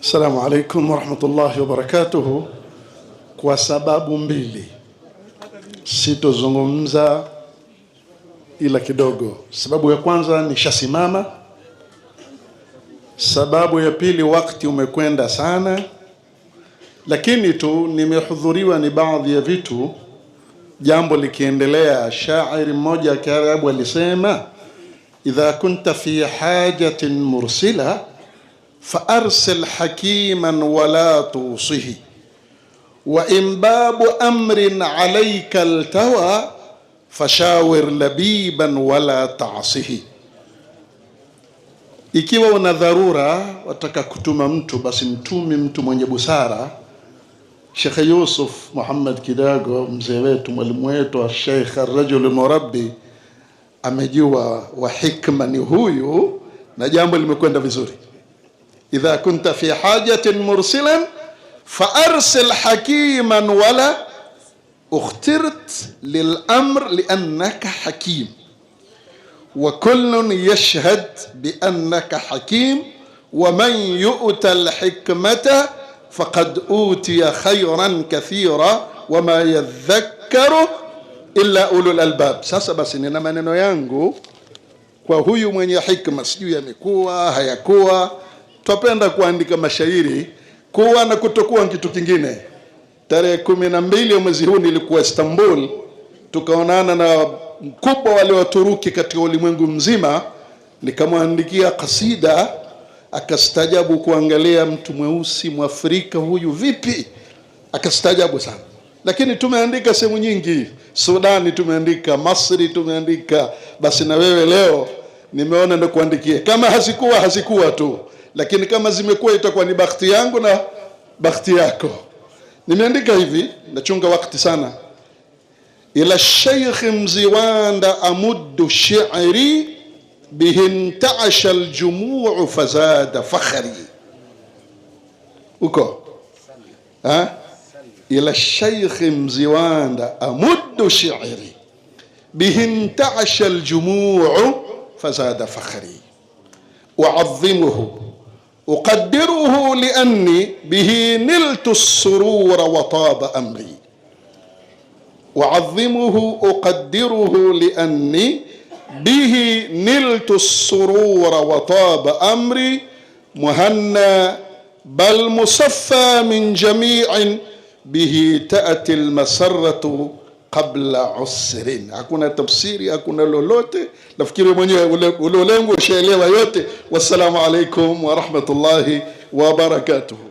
Assalamu alaikum warahmatullahi wabarakatuhu. Kwa sababu mbili sitozungumza ila kidogo. Sababu ya kwanza nishasimama, sababu ya pili wakati umekwenda sana, lakini tu nimehudhuriwa ni baadhi ya vitu, jambo likiendelea. Shairi mmoja ya Kiarabu alisema idha kunta fi hajatin mursila faarsil hakiman wala tusihi wa in babu amrin alayka altawa fashawir labiban wala taasihi, ikiwa una dharura wataka kutuma mtu basi mtumi mtu mwenye busara. Shekhe Yusuf Muhammad Kidago, mzee wetu, mwalimu wetu, asheikh arrajul murabbi amejua wa hikma ni huyu, na jambo limekwenda vizuri. Idha kunta fi hajatin mursilan fa arsil hakiman wala ukhtirt lilamr liannaka hakim wa kullun yashhad biannaka hakim wa man yuta lhikmata faqad utiya khayran kathira wa ma yadhakkaru illa ulul albab. Sasa basi, nina maneno yangu kwa huyu mwenye hikma, sijui yamekuwa hayakuwa. Twapenda kuandika mashairi, kuwa na kutokuwa kitu kingine. Tarehe kumi na mbili ya mwezi huu nilikuwa Istanbul, tukaonana na mkubwa wale Waturuki katika ulimwengu mzima, nikamwandikia kasida, akastajabu kuangalia mtu mweusi mwafrika huyu vipi, akastajabu sana, lakini tumeandika sehemu nyingi. Sudani tumeandika, Masri tumeandika, basi na wewe leo nimeona ndo kuandikia. Kama hazikuwa hazikuwa tu, lakini kama zimekuwa itakuwa ni bahati yangu na bahati yako. Nimeandika hivi, nachunga wakati sana ila Sheikh Mziwanda amuddu shi'ri bihintaasha aljumuu fazada fakhri huko ha? إلى الشيخ مزواند أمد شعري به انتعش الجموع فزاد فخري أعظمه أقدره لأني به نلت السرور وطاب أمري أعظمه أقدره لأني به نلت السرور وطاب أمري مهنا بل مصفى من جميع bihi taati lmasaratu qabla usrin. Hakuna tafsiri, hakuna lolote. Nafikiri mwenyewe ule ulengo ushaelewa yote. Wassalamu alaikum warahmatullahi wabarakatuhu.